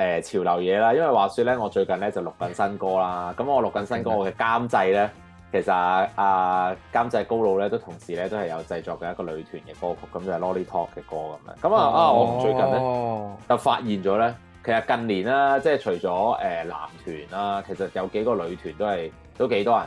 嗯、潮流嘢啦，因為話說咧，我最近咧就錄緊新歌啦。咁我錄緊新歌，我嘅監製咧，其實啊，啊、監製高佬咧都同時咧都係有製作嘅一個女團嘅歌曲，咁就係 Lolly Talk 嘅歌咁樣，咁啊啊，我最近咧、哦、就發現咗咧，其實近年啦、啊，即係除咗誒、呃、男團啦、啊，其實有幾個女團都係都幾多人。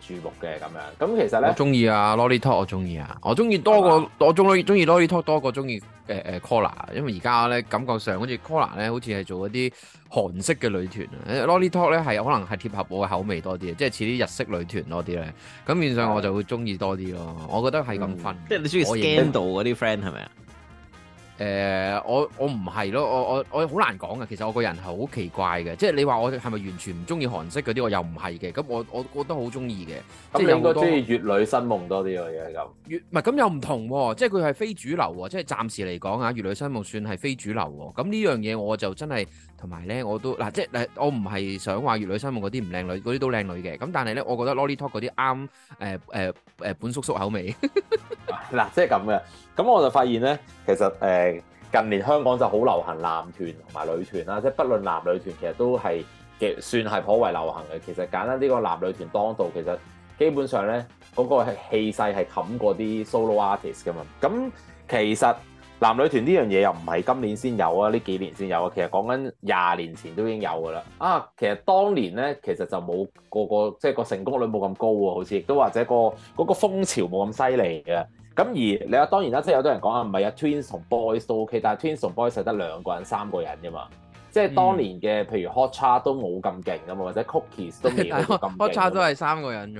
去注目嘅咁樣，咁其實咧，我中意啊，Lolly Talk 我中意啊，我中意多過嗎我中意中意 Lolly Talk 多過中意誒誒 Koala，因為而家咧感覺上好似 Koala 咧，好似係做一啲韓式嘅女團啊、mm hmm.，Lolly Talk 咧係可能係貼合我嘅口味多啲，即係似啲日式女團多啲咧，咁變相我就會中意多啲咯，我覺得係咁分，hmm. 憐即係你中意 Scandal 嗰啲 friend 係咪啊？誒、呃，我我唔係咯，我我我好難講嘅。其實我個人係好奇怪嘅，即係你話我係咪完全唔中意韓式嗰啲，我又唔係嘅。咁我我都好中意嘅。咁、嗯、你應該中意粵女新夢多啲喎，而係咁。唔係咁又唔同喎，即係佢係非主流喎。即係暫時嚟講啊，粵女新夢算係非主流喎。咁呢樣嘢我就真係同埋咧，我都嗱、啊，即係我唔係想話粵女新夢嗰啲唔靚女，嗰啲都靚女嘅。咁但係咧，我覺得 Lolly Talk 嗰啲啱誒誒誒本叔叔口味。嗱、 啊，即係咁嘅。咁我就發現呢，其實誒、呃、近年香港就好流行男團同埋女團啦，即係不論男女團，其實都係嘅，算係頗為流行嘅。其實簡單呢、呢個男女團當道，其實基本上呢，嗰、嗰個係氣勢係冚過啲 solo artist 噶嘛。咁其實男女團呢樣嘢又唔係今年先有啊，呢幾年先有啊。其實講緊廿年前都已經有噶啦。啊，其實當年呢，其實就冇個個即係個成功率冇咁高喎、啊，好似亦都或者、嗰個嗰、嗰個風潮冇咁犀利嘅。咁而你話當然啦，即係有啲人講啊，唔係啊，twins 同 boys 都 OK，但係 twins 同 boys 實得兩個人、三個人啫嘛。即係當年嘅，嗯、譬如 hot cha 都冇咁勁噶嘛，或者 cookies 都冇咁勁。hot cha 但都係三個人啫，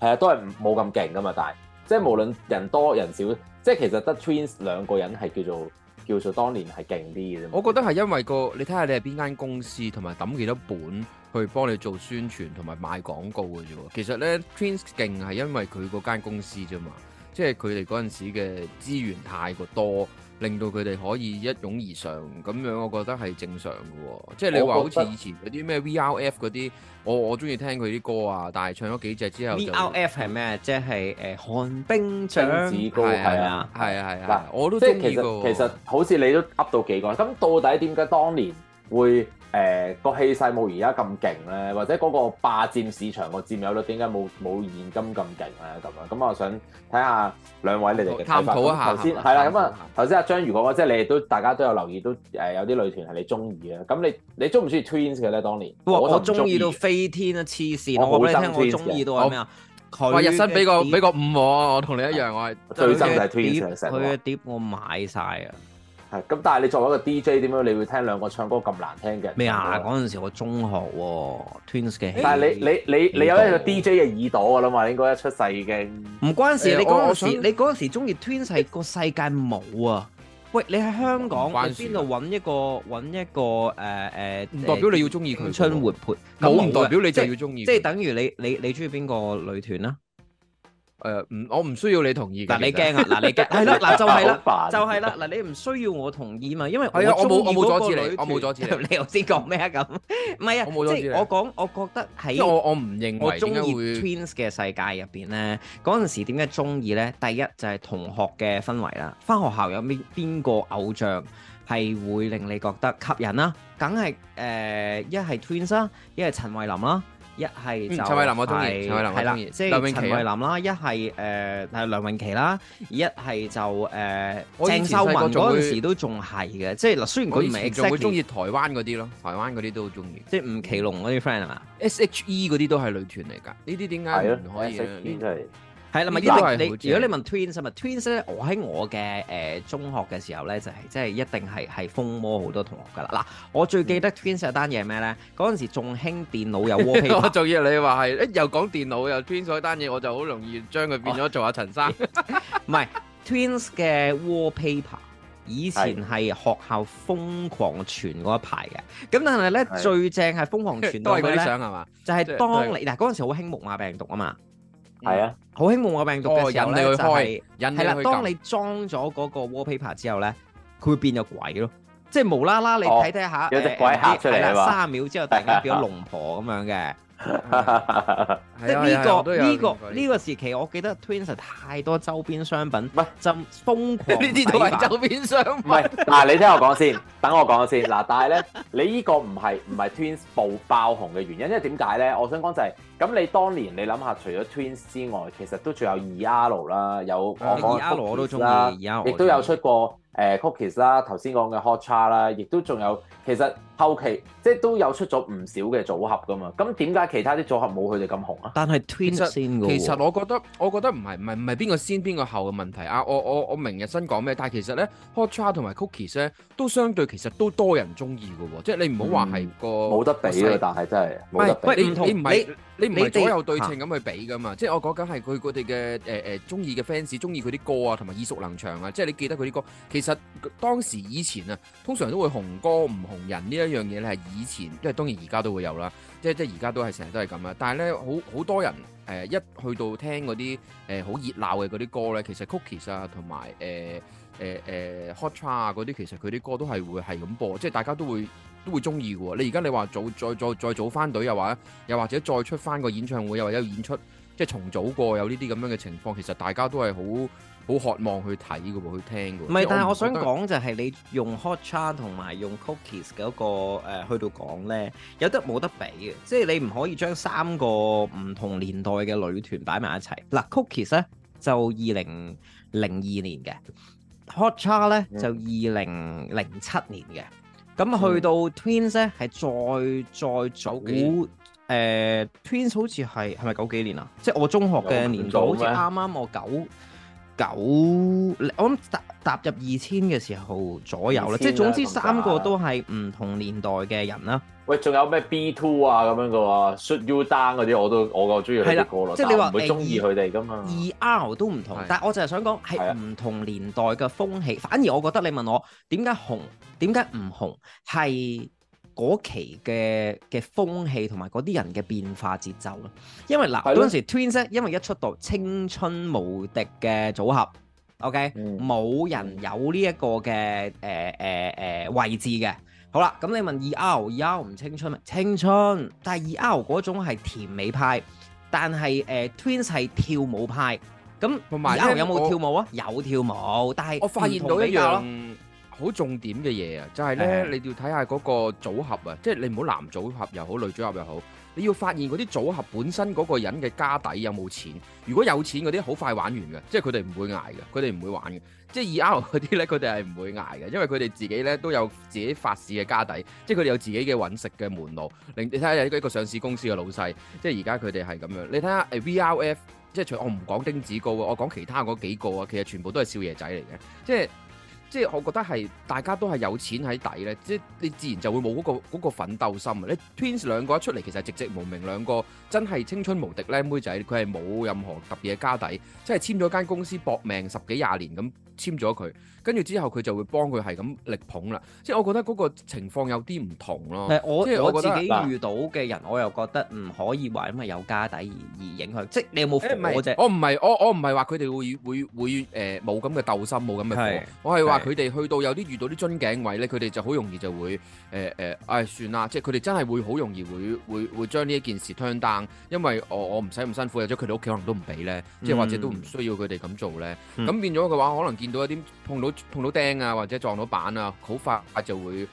係啊，都係冇咁勁噶嘛。但係即係無論人多人少，即係其實得 twins 兩個人係叫做叫做當年係勁啲嘅啫。我覺得係因為個你睇下你係邊間公司，同埋揼幾多本去幫你做宣傳同埋賣廣告嘅啫。其實咧，twins 勁係因為佢嗰間公司啫嘛。即係佢哋嗰陣時嘅資源太過多，令到佢哋可以一擁而上咁樣，我覺得係正常嘅、哦。即係你話好似以前嗰啲咩 V R F 嗰啲，我我中意聽佢啲歌啊，但係唱咗幾隻之後，V R F 係咩？即係誒、呃，寒冰張子歌係啊？係啊係啊，嗱，我都即係其實、哦、其實好似你都 up 到幾個，咁到底點解當年會？誒個、欸、氣勢冇而家咁勁咧，或者嗰個霸佔市場個佔有率，點解冇冇現金咁勁咧？咁樣咁啊，我想睇下兩位你哋嘅睇法。頭先係啦，咁啊頭先阿章，如果即係你哋都大家都有留意，都、呃、誒有啲女團係你中意嘅。咁你你中唔中意 Twins 嘅咧？當年我我中意到飛天啊！黐線，我冇聽我中意到咩啊？話日新俾個俾個五喎，我同你一樣，我係最憎就係 Twins 嘅成個。佢嘅碟我買晒。啊！係，咁但係你作為一個 DJ 點樣？你會聽兩個唱歌咁難聽嘅咩啊？嗰陣時我中學 Twins 嘅，但係你你你你有一個 DJ 嘅耳朵㗎啦嘛？應該一出世已經唔關事。你嗰陣時你嗰陣時中意 Twins 係個世界冇啊？喂，你喺香港喺邊度揾一個揾一個誒誒？唔代表你要中意佢春活潑，冇唔代表你就要中意，即係等於你你你中意邊個女團啊？誒唔、呃，我唔需要你同意。嗱，你驚啊！嗱，你驚係啦，嗱就係啦，就係啦。嗱，你唔需要我同意嘛，因為我中意嗰個女，我冇阻止你，我冇阻止你。 你頭先講咩啊？咁唔係啊，即係我講，我覺得喺我唔認為，我為，我中意 Twins 嘅世界入邊咧，嗰陣時點解中意咧？第一就係、是、同學嘅氛圍啦，翻學校有邊邊個偶像係會令你覺得吸引啦、啊？梗係誒，一係 Twins 啦、啊，一係陳慧琳啦、啊。一係就係係啦，即係陳慧琳啦，一係誒係梁詠琪啦，一係就誒鄭秀文嗰陣時都仲係嘅，即係嗱雖然佢唔係我仲會中意台灣嗰啲咯，台灣嗰啲都好中意，即係吳奇隆嗰啲 friend 係嘛？S H E 嗰啲都係女團嚟㗎，呢啲點解唔可以？係啦，咪一定你。如果你問 Twins 啊嘛，Twins 咧，我喺我嘅誒中學嘅時候咧，就係即係一定係係瘋魔好多同學噶啦。嗱，我最記得 Twins 有單嘢係咩咧？嗰陣時仲興電腦有 wallpaper。仲要你話係，又講電腦又 Twins 嗰單嘢，我就好容易將佢變咗做阿陳生。唔係 Twins 嘅 wallpaper，以前係學校瘋狂傳嗰一排嘅。咁但係咧，最正係瘋狂傳到啲相係咧，就係當你嗱嗰陣時好興木馬病毒啊嘛。係啊，好興木馬病毒嘅時候咧，就係係啦。當你裝咗嗰個 Wallpaper 之後咧，佢會變咗鬼咯，即係無啦啦你睇睇下，有隻鬼嚇出嚟嘛，三秒之後突然變咗龍婆咁樣嘅。即係呢個呢個呢個時期，我記得 Twins 太多周邊商品，唔係瘋狂呢啲都係周邊商品。唔係嗱，你聽我講先，等我講先嗱。但係咧，你呢個唔係唔係 Twins 暴爆紅嘅原因，因為點解咧？我想講就係。咁你當年你諗下，除咗 Twins 之外，其實都仲有 ER 啦，有我都中意啦，亦都有出過誒 Cookies 啦，頭先講嘅 Hot Cha 啦，亦都仲有，其實後期即係都有出咗唔少嘅組合噶嘛。咁點解其他啲組合冇佢哋咁紅啊？但係 Twins 先嘅喎。其實我覺得我覺得唔係唔係唔係邊個先邊個後嘅問題啊！我我我明日新講咩？但係其實咧，Hot Cha 同埋 Cookies 咧，都相對其實都多人中意嘅喎。即係你唔好話係個冇得比咯，但係真係冇得比。唔同你你。唔係左右對稱咁去比㗎嘛，即係、啊、我講緊係佢哋嘅誒誒中意嘅 fans，中意佢啲歌啊，同埋耳熟能詳啊，即係你記得佢啲歌。其實當時以前啊，通常都會紅歌唔紅人呢一樣嘢咧，係以前，即係當然而家都會有啦，即係即係而家都係成日都係咁啊。但係咧，好好多人誒、呃、一去到聽嗰啲誒好熱鬧嘅嗰啲歌咧，其實 Cookies 啊同埋誒誒誒 HotCha 啊嗰啲，其實佢啲歌都係會係咁播，即係大家都會。都會中意嘅喎，你而家你話組再再再組翻隊又話，又或者再出翻個演唱會又或者演出，即係重組過有呢啲咁樣嘅情況，其實大家都係好好渴望去睇嘅喎，去聽嘅喎。唔係，但係我想講就係你用 Hot Cha 同埋用 Cookies 嘅一個誒、呃、去到講咧，有得冇得比嘅，即係你唔可以將三個唔同年代嘅女團擺埋一齊。嗱 ，Cookies 咧就二零零二年嘅，Hot Cha 咧就二零零七年嘅。咁、嗯、去到 Twins 咧，係再再早幾誒年、呃、，Twins 好似係係咪九幾年啊？即係我中學嘅年代，好似啱啱我九。九九，我諗搭踏，踏入二千嘅時候左右啦，2000 即係總之三個都係唔同年代嘅人啦、啊。喂，仲有咩 B two 啊咁樣噶喎 Shut You Down 嗰啲我都我都中意佢啲歌咯，但係唔會中意佢哋噶嘛。2R 都唔同，的但係我就係想講係唔同年代嘅風氣。的反而我覺得你問我點解紅，點解唔紅係。嗰期嘅嘅風氣同埋嗰啲人嘅變化節奏咯，因為嗱嗰陣時 Twins 因為一出道青春無敵嘅組合，OK，冇、嗯、人有呢一個嘅誒誒誒位置嘅。好啦，咁你問 ER，ER 唔青春咩？青春，但係 ER 嗰種係甜美派，但係誒、呃、Twins 係跳舞派。咁 ER 有冇跳舞啊？有，有跳舞，但係我發現到一樣。好重點嘅嘢啊，就係咧，你要睇下嗰個組合啊，即係你唔好男組合又好，女組合又好，你要發現嗰啲組合本身嗰個人嘅家底有冇錢。如果有錢嗰啲好快玩完嘅，即係佢哋唔會捱嘅，佢哋唔會玩嘅。即係 ER 嗰啲咧，佢哋係唔會捱嘅，因為佢哋自己咧都有自己發市嘅家底，即係佢哋有自己嘅揾食嘅門路。另你睇下一個上市公司嘅老細，即係而家佢哋係咁樣。你睇下 VRF，即係除我唔講丁子高啊，我講其他嗰幾個啊，其實全部都係少爺仔嚟嘅，即係。即係我覺得係大家都係有錢喺底咧，即係你自然就會冇嗰個嗰個奮鬥心啊！你 Twins 兩個一出嚟其實籍籍無名，兩個真係青春無敵靚，妹仔佢係冇任何特別嘅家底，即係簽咗間公司搏命十幾廿年咁簽咗佢，跟住之後佢就會幫佢係咁力捧啦。即係我覺得嗰個情況有啲唔同咯。我即我，我自己遇到嘅人，我又覺得唔可以話因為有家底而而影響。即你有冇？欸，我唔係我我唔係話佢哋會會會誒冇咁嘅鬥心冇咁嘅，我係話。是是佢哋去到有啲遇到啲樽頸位咧，佢哋就好容易就會誒誒，唉、呃呃哎、算啦，即係佢哋真係會好容易會會會將呢一件事 turn down，因為我我唔使咁辛苦，或者佢哋屋企可能都唔俾咧，即係、嗯、或者都唔需要佢哋咁做咧，咁、嗯、變咗嘅話，可能見到一啲碰到碰到釘啊，或者撞到板啊，好快就會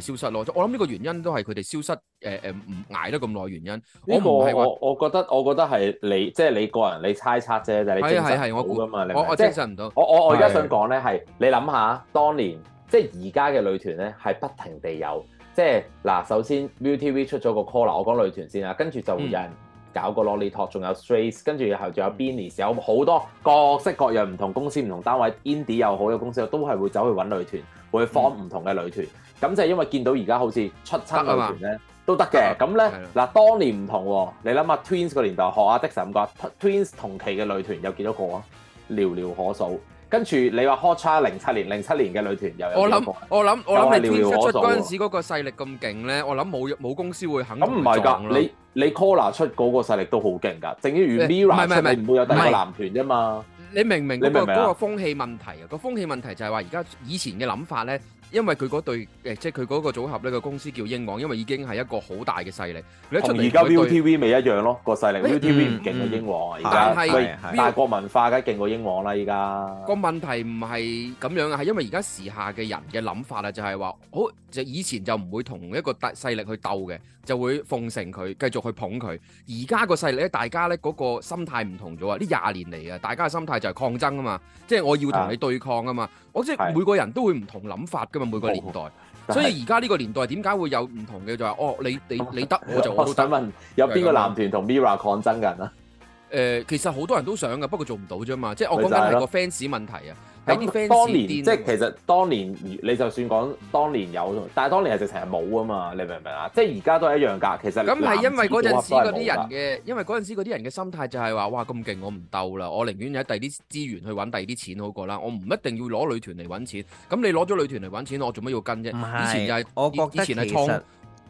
誒消失咯，我諗呢個原因都係佢哋消失誒誒唔捱得咁耐原因。呢個我我覺得我覺得係你即係你個人你猜測啫，就係你證實，我估啊嘛，你我我即我證實唔到。我我我而家想講咧係你諗下，當年即係而家嘅女團咧係不停地有，即係嗱，首先 ViuTV 出咗個 Collar 我講女團先啊。跟住就會有人搞個 Lolly Talk 仲有 Trace，跟住然後仲有 Benny，、嗯、有好多各式各樣唔同公司、唔同單位、Ind、Indie 又好嘅公司都係會走去揾女團。會 form 唔同嘅女團，咁就係因為見到而家好似出親女團咧都得嘅，咁咧，嗱，當年唔同喎，你諗下 Twins 個年代學阿 Dex 咁講，Twins 同期嘅女團有幾多個啊？寥寥可數。跟住你話 HotCha 零七年零七年嘅女團又有幾多個？我諗我諗我諗，因為 Twins 出嗰陣時嗰個勢力咁勁咧，我諗冇冇公司會肯咁。唔係㗎，你你 Collar 出嗰個勢力都好勁㗎，正如 Mirror 出，你唔會有第二個男團啫嘛。你明唔明嗰、嗰個嗰個風氣問題啊？嗰個風氣問題就係話而家以前嘅諗法咧。因為佢嗰對誒，即係佢嗰個組合呢個公司叫英皇，因為已經係一個好大嘅勢力。出同而家 ViuTV 咪一樣咯，個勢力 Viu、哎、TV 唔勁啊，英、嗯、皇在但係是大國文化梗係勁過英皇啦，依家個問題唔係咁樣啊，係因為而家時下嘅人嘅諗法啊，就係話好以前就唔會同一個大勢力去鬥嘅，就會奉承佢，繼續去捧佢。而家個勢力咧，大家咧嗰個心態唔同咗啊！呢廿年嚟啊，大家嘅心態就係抗爭啊嘛，即係我要同你對抗啊嘛，啊我即係每個人都會唔同諗法。因為，每個年代，哦、所以而家呢個年代點解會有唔同嘅就係、是、哦，你你你得，我就我， 我想問，有邊個男團同 Mirror 抗爭緊啊？誒、呃，其實好多人都想噶，不過做唔到啫嘛，即、就、係、是、我講緊係個 fans 問題啊。當年、嗯、即係其實當年、嗯、你就算講當年有，但係當年係直情係冇啊嘛，你明唔明啊？即係而家都係一樣㗎，其實咁係因為嗰陣時嗰啲人嘅，因為嗰陣時嗰啲人嘅心態就係、是、話：哇，咁勁我唔鬥啦，我寧願有第啲資源去揾第二啲錢好過啦，我唔一定要攞女團嚟揾錢。咁你攞咗女團嚟揾錢，我做乜要跟啫？是以前就係、是、我覺得以前其實。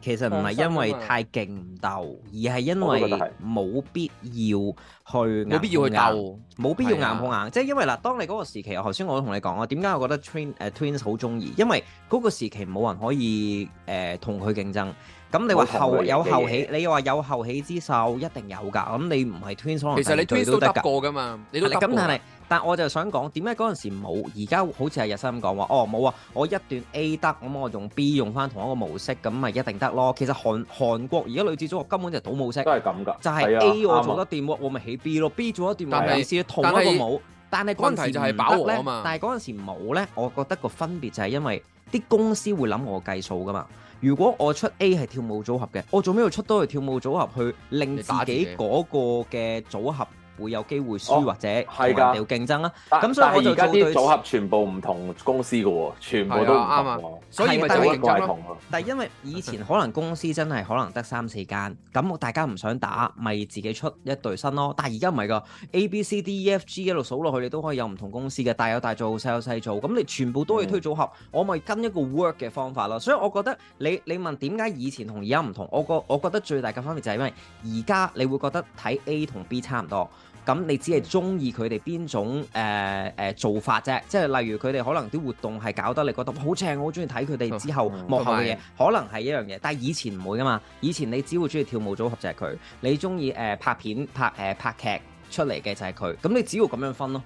其實唔係因為太勁唔鬥，而係因為冇必要去冇必要去鬥，冇必要硬碰硬。係啊、即係因為嗱，當你嗰個時期，頭先我都同你講啊，點解我覺得 twin, uh, twins twins 好鍾意？因為嗰個時期冇人可以誒同佢競爭。咁你話後有後起，你又話有後起之秀，一定有㗎。咁你唔係 Twins 可能其實你 Twins 都得過㗎嘛。咁但係，但我就想講，點解嗰陣時冇？而家好似係日新講話，哦冇啊！我一段 A 得，咁我用 B 用翻同一個模式，咁咪一定得咯。其實韓韓國而家女子組合根本就係倒模式，都係咁㗎。就係 A 我做得掂，我咪起 B 咯。B 做得掂，但係同一個冇。但係問題就係飽和啊嘛。但係嗰陣時冇咧，我覺得個分別就係因為啲公司會諗我計數㗎嘛。如果我出 A 係跳舞組合嘅，我做咩要出多個跳舞組合去令自己嗰個嘅組合？會有機會輸、哦、或者我哋要競爭啦。咁所以我而家啲組合全部唔同公司嘅喎，全部都唔啱啊。啊所以咪、啊、就係一個咯。啊、但係因為以前可能公司真係可能得三四間，咁大家唔想打，咪自己出一隊新咯。但係而家唔係噶，A、B、C、D、E、F、G 一路數落去，你都可以有唔同公司嘅，大有大做，細有細做。咁你全部都可以推組合，嗯、我咪跟一個 work 嘅方法咯。所以我覺得你你,你問點解以前同而家唔同，我個我覺得最大嘅分別就係因為而家你會覺得睇 A 同 B 差唔多。咁你只係中意佢哋邊種誒誒、呃呃、做法啫，即係例如佢哋可能啲活動係搞得你覺得好正，我好中意睇佢哋之後幕後嘅嘢，可能係一樣嘢。但係以前唔會㗎嘛，以前你只會中意跳舞組合就係佢，你中意誒拍片拍誒、呃、拍劇出嚟嘅就係佢。咁你只要咁樣分咯。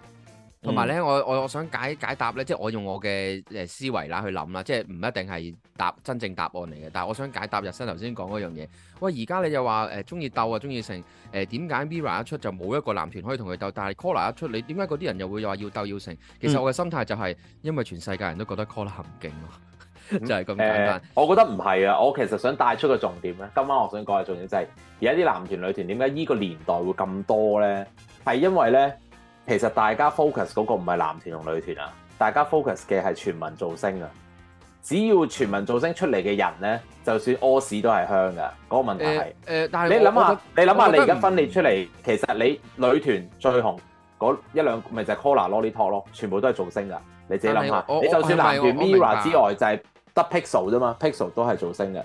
同埋咧，我我我想解解答咧，即係我用我嘅誒、呃、思維啦去諗啦，即係唔一定係答真正答案嚟嘅，但係我想解答日新頭先講嗰樣嘢。喂，而家你又話誒中意鬥啊，中、呃、意成誒點解 Mirror 一出就冇一個男團可以同佢鬥，但係 Collar 一出你點解嗰啲人又會又話要鬥要成？其實我嘅心態就係因為全世界人都覺得 Collar 唔勁咯， 就係咁簡單、嗯呃。我覺得唔係啊，我其實想帶出個重點咧，今晚我想講嘅重點就係而家啲男團女團點解呢個年代會咁多咧，係因為咧。其實大家 focus 嗰個唔係男團同女團啊，大家 focus 嘅係全民造星啊。只要全民造星出嚟嘅人呢，就算屙屎都係香㗎。嗰、那個問題係，欸欸、你諗下，你諗下，你而家分裂出嚟，其實你女團最紅嗰一,一兩個，咪就係 COLLAR Lolly Talk 咯，全部都係造星㗎。你自己諗下，你就算男團 Mirror 之外就，就係得 Pixel 啫嘛，Pixel 都係造星嘅。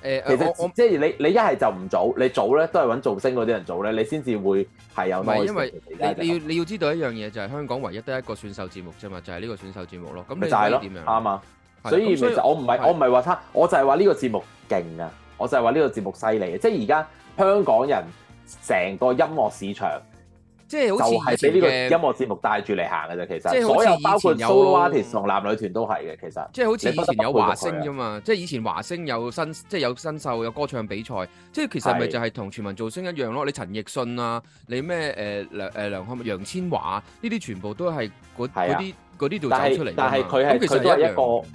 誒，其實即係你，你一係就唔做，你做咧都係搵造星嗰啲人做咧，你先至會係有。唔係，因為你要你要知道一樣嘢，就係香港唯一得一個選秀節目啫嘛，就係呢個選秀節目咯。咁咪就係咯，啱啊。所以其實我唔係我唔係話差，我就係話呢個節目勁啊，我就係話呢個節目犀利。即係而家香港人成個音樂市場。即係，就係俾呢個音樂節目帶住嚟行嘅啫。其實，即係所有包括 solo artist 同男女團都係嘅。其實，即係好似以前有華星啊嘛。即係以前華星有新，即係有新秀，有歌唱比賽。即係其實咪就係同全民造星一樣咯。是你陳奕迅啊，你咩誒梁誒、呃、梁漢楊千嬅呢啲全部都係嗰啲啲度走出嚟。但係佢係佢都係一個。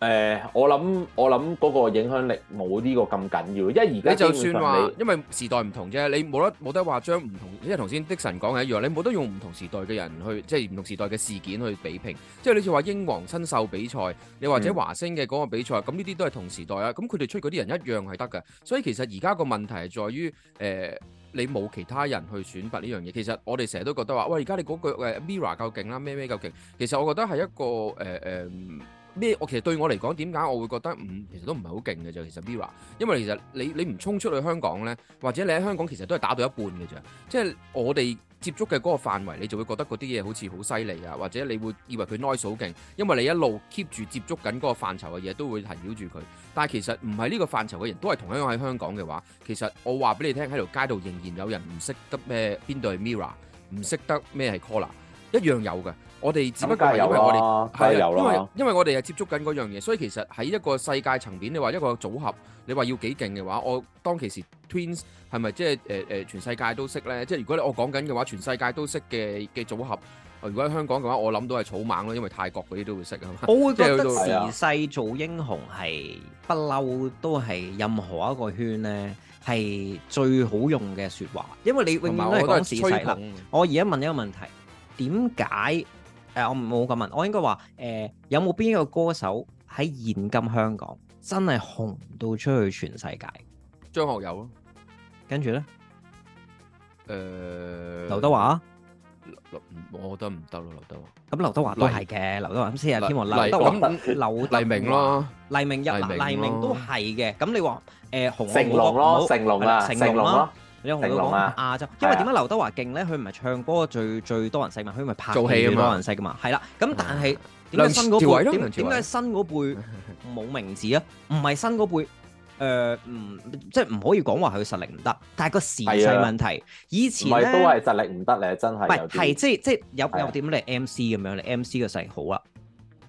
誒，我諗我諗嗰個影響力冇呢個咁緊要，因為而家你就算話，因為時代唔同啫，你冇得冇得話將唔同，即係頭先的神講係一樣，你冇得用唔同時代嘅人去，即係唔同時代嘅事件去比拼，即係類似話英皇新秀比賽，你或者華星嘅嗰個比賽，咁呢啲都係同時代啊，咁佢哋出嗰啲人一樣係得㗎。所以其實而家個問題係在於，誒，你冇其他人去選拔呢樣嘢。其實我哋成日都覺得話，喂，而家你嗰個誒 Mirror 夠勁啦，咩咩夠勁？其實我覺得係一個誒誒。咩？我其實對我嚟講，點解我會覺得嗯，其實都唔係好勁嘅啫。其實 MIRROR 因為其實你你唔衝出去香港呢，或者你喺香港其實都係打到一半嘅啫。即係我哋接觸嘅嗰個範圍，你就會覺得嗰啲嘢好似好犀利啊，或者你會以為佢 nice 勁，因為你一路 keep 住接觸緊嗰個範疇嘅嘢，都會涵繞住佢。但係其實唔係呢個範疇嘅人都係同樣喺香港嘅話，其實我話俾你聽，喺條街度仍然有人唔識得咩邊度係 MIRROR，唔識得咩係 COLLAR，一樣有嘅。我哋只不過係因為我哋係啊，因為因為我哋係接觸緊嗰樣嘢，所以其實喺一個世界層面，你話一個組合，你話要幾勁嘅話，我當其時 Twins 係咪即係誒誒全世界都識咧？即係如果你我講緊嘅話，全世界都識嘅嘅組合，如果喺香港嘅話，我諗到係草蜢咯，因為泰國嗰啲都會識啊。我會覺得時勢造英雄係不嬲，都係任何一個圈咧係最好用嘅説話，因為你永遠都係講時勢啦。我而家問一個問題，點解？但係我冇咁問，我應該話誒有冇邊一個歌手喺現今香港真係紅到出去全世界？張學友咯，跟住咧，誒，劉德華，我覺得唔得咯，劉德華。咁劉德華都係嘅，劉德華。咁四大天王劉德華、劉黎明咯，黎明入嚟，黎明都係嘅。咁你話誒紅？成龍咯，成龍啦，成龍啦。有好多講亞洲，因為點解劉德華勁咧？佢唔係唱歌最最多人識嘛，佢咪拍做戲咁多人識噶嘛？係啦，咁但係點解新嗰點解新嗰輩冇名字啊？唔係新嗰輩，誒唔即係唔可以講話係佢實力唔得，但係個時勢問題。以前咧都係實力唔得咧，真係唔係係即係即係有有點你 MC 咁樣你 MC 嘅勢好啦，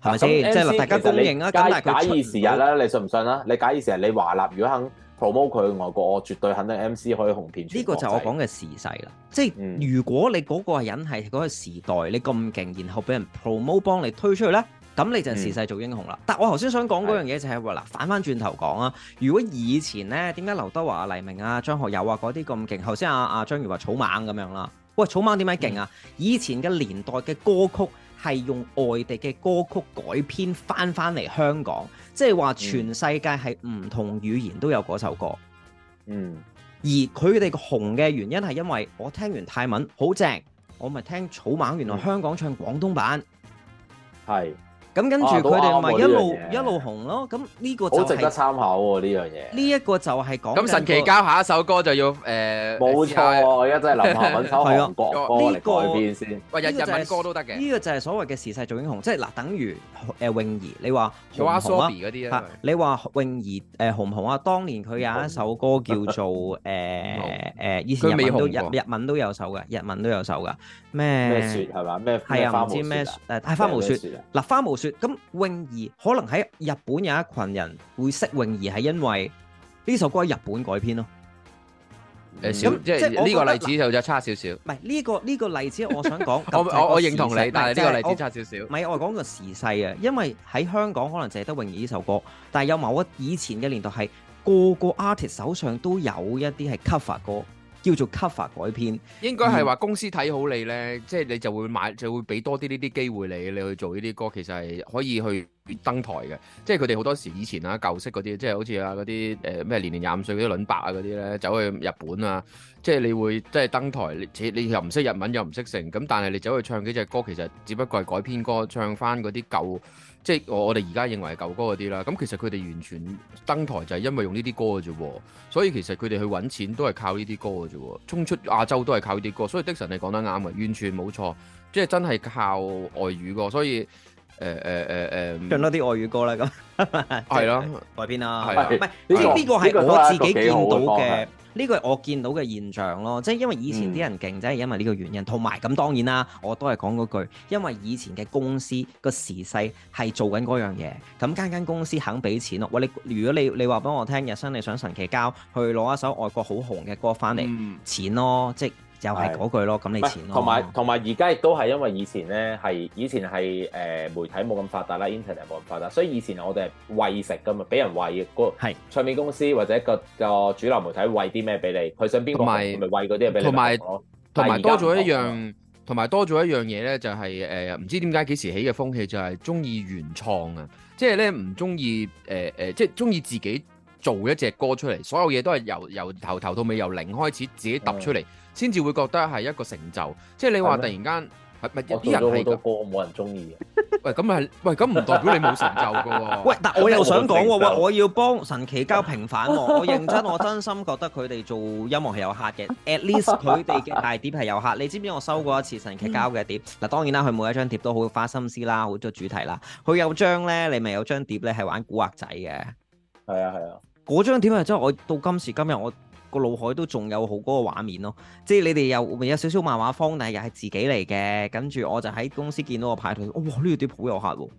係咪先？即係大家公認啦，大家假以時日啦，你信唔信啦？你假以時日，你華納如果肯。promo t e 佢外國，我絕對肯定 MC 可以紅片。呢個就我講嘅時勢啦。即係如果你嗰個人係嗰個時代，你咁勁，然後俾人 promo t e 幫你推出去呢，咁你就時勢做英雄啦。嗯、但我頭先想講嗰樣嘢就係話嗱，是反翻轉頭講啊，如果以前呢，點解劉德華啊、黎明啊、張學友那那啊嗰啲咁勁？頭先阿阿張如話草蜢咁樣啦，喂，草蜢點解勁啊？嗯、以前嘅年代嘅歌曲。係用外地嘅歌曲改編翻翻嚟香港，即係話全世界係唔同語言都有嗰首歌。嗯，而佢哋個紅嘅原因係因為我聽完泰文好正，我咪聽草蜢原來香港唱廣東版，係、嗯。咁跟住佢哋咪一路一路紅咯，咁呢個就值得參考喎呢樣嘢。呢一個就係講咁神奇交下一首歌就要誒冇錯，我而家真係諗下揾首韓國歌嚟改編先。喂，日日文歌都得嘅。呢個就係所謂嘅時勢造英雄，即係嗱，等於誒泳兒，你話紅唔你話泳兒誒紅唔紅啊？當年佢有一首歌叫做誒誒，以前日文都日文都有首嘅，日文都有首嘅。咩咩？係嘛？咩係啊？唔知咩誒係花無雪。嗱，花無咁泳兒可能喺日本有一群人會識泳兒，係因為呢首歌喺日本改編咯。咁、嗯嗯、即係呢個例子就再差少少。唔係呢個呢、呢個例子，我想講，我我，我認同你，但係呢個，個例子差少少。唔係我講個時勢啊，因為喺香港可能淨係得泳兒呢首歌，但係有某一以前嘅年代係個個 artist 手上都有一啲係 cover 歌。叫做 cover 改編，應該係話公司睇好你呢，嗯、即係你就會買，就會俾多啲呢啲機會你，你去做呢啲歌，其實係可以去登台嘅。即係佢哋好多時以前啊舊式嗰啲，即係好似啊嗰啲誒咩年年廿五歲嗰啲卵白啊嗰啲呢，走去日本啊，即係你會即係登台，你你又唔識日文又唔識成，咁但係你走去唱幾隻歌，其實只不過係改編歌，唱翻嗰啲舊。即係我我哋而家認為舊歌嗰啲啦，咁其實佢哋完全登台就係因為用呢啲歌嘅啫，所以其實佢哋去揾錢都係靠呢啲歌嘅啫，衝出亞洲都係靠呢啲歌，所以的神你講得啱啊，完全冇錯，即係真係靠外語嘅，所以。誒誒誒誒，唱多啲外語歌啦咁，係咯，外邊啦，係唔係？呢個呢個係我自己見到嘅，呢個係我見到嘅現象咯。即係因為以前啲人勁，仔，係因為呢個原因。同埋咁當然啦，我都係講嗰句，因為以前嘅公司個時勢係做緊嗰樣嘢，咁間間公司肯俾錢咯。喂，你如果你你話俾我聽，日新你想神奇交去攞一首外國好紅嘅歌翻嚟，錢咯，即就係嗰句咯，咁你錢咯。同埋同埋，而家亦都係因為以前咧，係以前係誒、呃、媒體冇咁發達啦，internet 冇咁發達，所以以前我哋係餵食噶嘛，俾人餵個係唱片公司或者個個主流媒體餵啲咩俾你，佢想邊個嚟，咪有餵嗰啲俾你。同埋同埋多咗一樣，同埋多咗一樣嘢咧，就係誒唔知點解幾時起嘅風氣，就係中意原創啊，即係咧唔中意誒誒，即係中意自己。做一隻歌出嚟，所有嘢都係由由頭頭到尾由零開始自己揼出嚟，先至會覺得係一個成就。即係你話突然間，有啲人係嘅歌冇人中意嘅。喂，咁係喂，咁唔代表你冇成就嘅。喂，但我又想講，我我要幫神奇交平反。我認真，我真心覺得佢哋做音樂係有客嘅。At least 佢哋嘅大碟係有客。你知唔知我收過一次神奇交嘅碟？嗱，當然啦，佢每一張碟都好花心思啦，好多主題啦。佢有張咧，你咪有張碟咧係玩古惑仔嘅。係啊，係啊。嗰張點啊！真係我到今時今日，我個腦海都仲有好高個畫面咯。即係你哋又有少少漫畫風，但係又係自己嚟嘅。跟住我就喺公司見到個排隊，哇！呢啲啲好有客喎。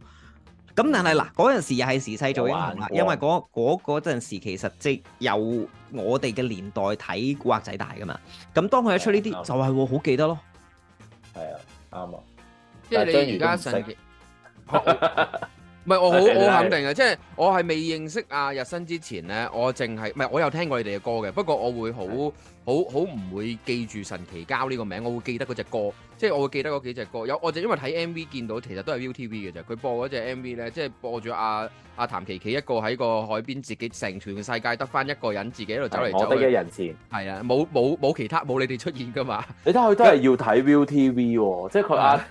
咁但係嗱，嗰陣時又係時勢造英雄啦。因為嗰嗰陣時其實即係由我哋嘅年代睇古惑仔大㗎嘛。咁當佢一出呢啲，就係、喎、好記得咯。係啊，啱啊。即係你而家成。 唔係我好，我肯定嘅，即係我係未認識阿、啊、日新之前咧，我淨係唔係，我有聽過佢哋嘅歌嘅，不過我會好。好好唔會記住神奇膠呢個名，我會記得嗰隻歌，即係我會記得嗰幾隻歌。有我就因為睇 M V 見到，其實都係 Viu T V 嘅啫。佢播嗰隻 M V 咧、啊，即係播住阿阿譚琪琪一個喺個海邊，自己成全世界得翻一個人，自己一路走嚟走。得一人前。係啊，冇冇冇其他冇你哋出現噶嘛？你睇佢都係要睇 Viu T V，即係佢阿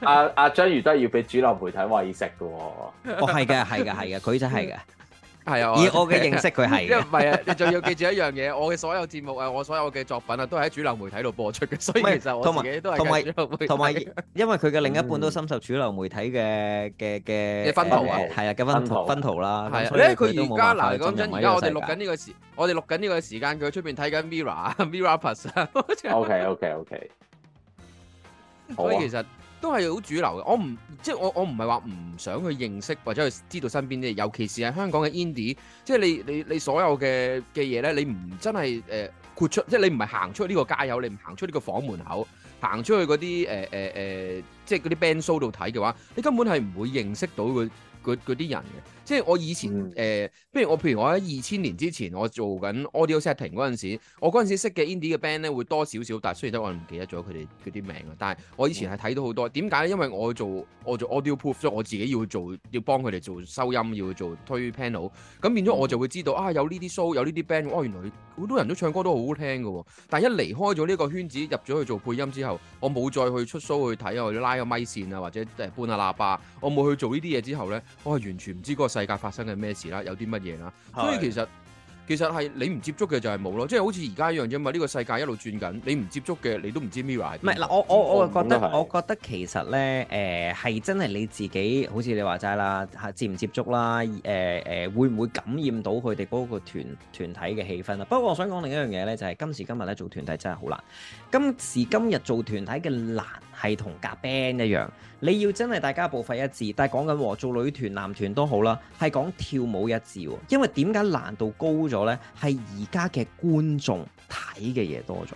阿阿章魚都係要俾主流媒體餵食噶。 哦，係嘅，係嘅，係嘅，佢真係嘅。 係啊，以我嘅認識佢係。因為唔係啊？你仲要記住一樣嘢，我嘅所有節目啊，我所有嘅作品啊，都係喺主流媒體度播出嘅，所以其實我自己都係。同埋，同埋，因為佢嘅另一半都深受主流媒體嘅嘅嘅薰陶啊，係啊嘅薰陶薰陶啦。係。誒，佢而家嗱，講真，而家我哋錄緊呢個時，我哋錄緊呢個時間，佢出邊睇緊 Mirror、Mirror Plus 啊。O K O K O K。好啊。所以其實。都係好主流嘅，我唔即係我我唔係話唔想去認識或者去知道身邊啲，尤其是喺香港嘅 indie，即係你你你所有嘅嘅嘢咧，你唔真係誒、呃、豁出，即係你唔係行出去呢個街口，你唔行出呢個房門口，行出去嗰啲誒誒誒，即係嗰啲 band show 度睇嘅話，你根本係唔會認識到佢嗰啲人嘅。即係我以前誒，不如我譬如我喺二千年之前，我做緊 audio setting 嗰陣時，我嗰陣時識嘅 indie 嘅 band 咧會多少少，但係雖然得我唔記得咗佢哋佢啲名啊，但係我以前係睇到好多，點解？因為我做我做 audio proof，即我自己要做要幫佢哋做收音，要做推 panel，咁變咗我就會知道、嗯、啊有呢啲 show 有呢啲 band，哦原來好多人都唱歌都好好聽㗎喎，但係一離開咗呢個圈子，入咗去做配音之後，我冇再去出 show 去睇，我去拉個咪線啊，或者即係搬下喇叭，我冇去做呢啲嘢之後咧，我係完全唔知個世界發生嘅咩事啦？有啲乜嘢啦？的所以其實其實係你唔接觸嘅就係冇咯，即係好似而家一樣啫嘛。呢、這個世界一路轉緊，你唔接觸嘅，你都唔知 Mirror。唔係嗱，我我我覺得，的我覺得其實咧，誒、呃、係真係你自己，好似你話齋啦，接唔接觸啦？誒、呃、誒、呃，會唔會感染到佢哋嗰個團團體嘅氣氛啊？不過我想講另一樣嘢咧，就係、是、今時今日咧做團體真係好難。今時今日做團體嘅難。係同夾 band 一樣，你要真係大家步伐一致。但係講緊喎，做女團男團都好啦，係講跳舞一致喎。因為點解難度高咗呢？係而家嘅觀眾睇嘅嘢多咗，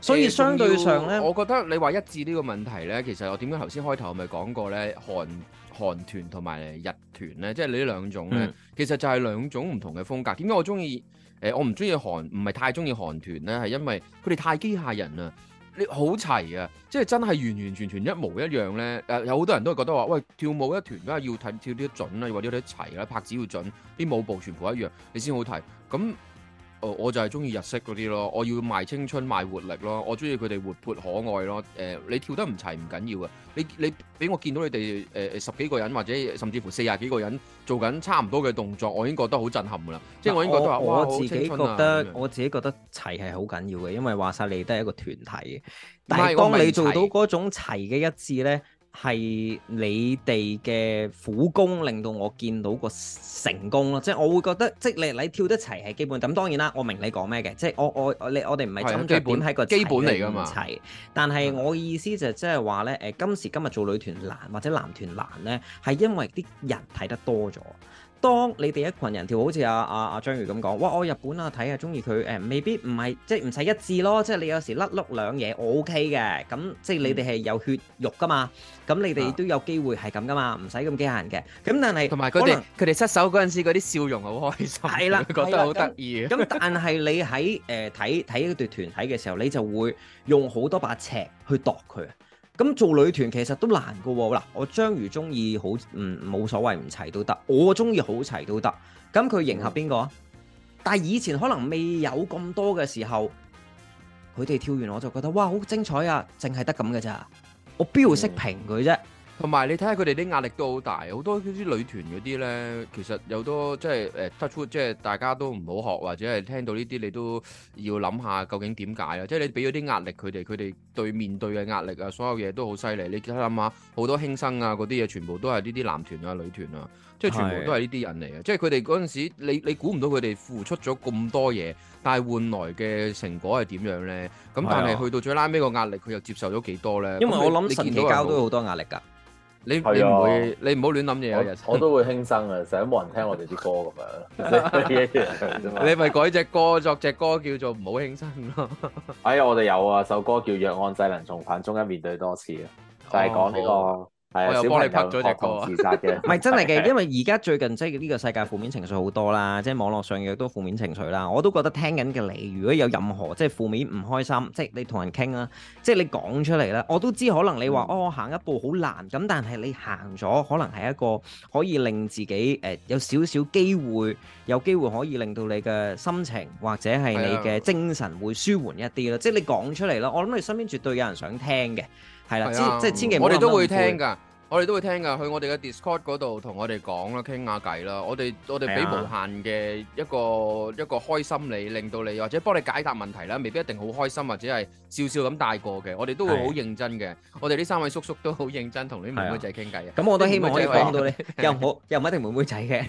所以相對上呢、欸，我覺得你話一致呢個問題呢，其實我點解頭先開頭咪講過呢？韓韓團同埋日團呢，即係你呢兩種咧，嗯、其實就係兩種唔同嘅風格。點解我中意誒？我唔中意韓，唔係太中意韓團呢，係因為佢哋太機械人啊。你好齊啊，即係真係完完全全一模一樣咧。誒，有好多人都係覺得話，喂，跳舞一團都係要睇跳啲準啦，或者啲一齊啦，拍子要準，啲舞步全部一樣，你先好睇。咁。哦，我就係中意日式嗰啲咯，我要賣青春賣活力咯，我中意佢哋活潑可愛咯。誒、呃，你跳得唔齊唔緊要嘅，你你俾我見到你哋誒誒十幾個人或者甚至乎四十幾個人做緊差唔多嘅動作，我已經覺得好震撼噶啦。即係我已經覺得哇，好青春啊！我自己覺得我自己覺得齊係好緊要嘅，因為話晒你都係一個團體，但係當你做到嗰種齊嘅一致咧。係你哋嘅苦功令到我見到個成功咯，即係我會覺得，即係你你跳得齊係基本咁，當然啦，我明你講咩嘅，即係我我你我哋唔係針對點喺個齊齊基本嚟㗎嘛，齊，但係我嘅意思就即係話咧，誒，今時今日做女團難或者男團難咧，係因為啲人睇得多咗。當你哋一群人跳，好似阿阿阿章魚咁講，哇！我日本啊睇下中意佢誒，未必唔係即係唔使一致咯，即係你有時甩碌兩嘢，我 OK 嘅。咁即係你哋係有血肉噶嘛，咁、嗯、你哋都有機會係咁噶嘛，唔使咁機械人嘅。咁但係同埋佢哋佢哋失手嗰陣時，嗰啲笑容好開心，係啦了，覺得好得意。咁但係 你喺誒睇睇嗰隊團體嘅時候，你就會用好多把尺去度佢。咁做女團其實都難噶，嗱，我章魚中意好，嗯，冇所謂，唔齊都得，我中意好齊都得。咁佢迎合邊個啊？ 但係以前可能未有咁多嘅時候，佢哋跳完我就覺得哇，好精彩啊！淨係得咁嘅咋，我標識評佢啫。 同埋你睇下佢哋啲壓力都好大，好多啲女團嗰啲咧，其實有多即係誒突出，即係、呃、大家都唔好學，或者係聽到呢啲你都要諗下究竟點解啊！即係你俾咗啲壓力佢哋，佢哋對面對嘅壓力啊，所有嘢都好犀利。你諗下，好多輕生啊嗰啲嘢，全部都係呢啲男團啊、女團啊，即係全部都係呢啲人嚟啊！是的 即係佢哋嗰陣時，你你估唔到佢哋付出咗咁多嘢，但係換來嘅成果係點樣咧？咁但係去到最拉尾個壓力，佢又接受咗幾多咧？是的 因為你我諗神奇交都好多壓力㗎。你你唔會，的你唔好亂諗嘢，啊、我， 我都會輕生啊，成日冇人聽我哋啲歌咁樣。你咪改隻歌作隻歌叫做唔好輕生咯。 哎呀，我哋有啊，首歌叫《若案贊能重犯，中間面對多次》啊，就係，是，講呢、這個。哦。對我又幫你拍咗隻歌自殺嘅，唔 係真係嘅，因為而家最近即係呢個世界負面情緒好多啦，即係網絡上亦都負面情緒啦。我都覺得聽緊嘅你，如果有任何即係負面唔開心，即係你同人傾啦，即係你講出嚟啦，我都知可能你話、嗯、哦行一步好難，咁但係你行咗，可能係一個可以令自己誒、呃、有少少機會，有機會可以令到你嘅心情或者係你嘅精神會舒緩一啲啦。的即係你講出嚟啦，我諗你身邊絕對有人想聽嘅。係啦，即係千祈。我哋都會聽噶，我哋都會聽噶去我哋嘅 Discord 嗰度同我哋講啦，傾下偈啦。我哋我哋俾無限嘅一個一個開心你，令到你或者幫你解答問題啦，未必一定好開心或者係笑笑咁帶過嘅。我哋都會好認真嘅。我哋呢三位叔叔都好認真同啲妹妹仔傾偈嘅。咁我都希望可以幫到你，又唔好又唔一定妹妹仔嘅，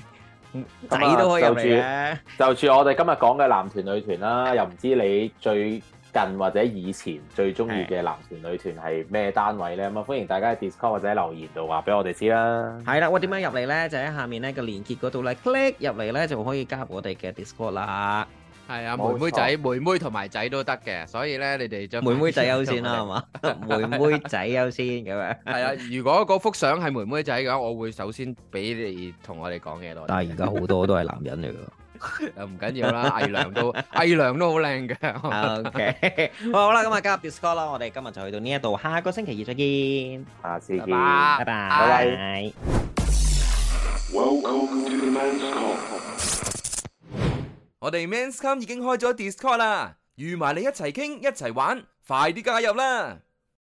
仔都可以嘅。就住，就住我哋今日講嘅男團女團啦，又唔知你最近或者以前最中意嘅男團女團係咩單位咧？咁啊，歡迎大家喺 Discord 或者留言度話俾我哋知啦。係啦，我點樣入嚟咧？就喺下面咧個連結嗰度咧，click 入嚟咧就可以加入我哋嘅 Discord 啦。係啊，妹妹仔、妹妹同埋仔都得嘅，所以咧你哋就妹妹仔優先啦，係嘛？ 妹妹仔優先咁樣。係啊，如果嗰幅相係妹妹仔嘅話，我會首先俾你同我哋講嘢咯。但係而家好多都係男人嚟㗎。又唔緊要啦，偽娘都偽娘都好靚嘅。好啦，咁啊加入 Discord 啦，我哋今日就去到呢一度，下個星期二再見。再見，拜拜，拜拜。Welcome to Men's Come！我哋 Men's Come 已經開咗 Discord 啦，預埋你一齊傾一齊玩，快啲加入啦！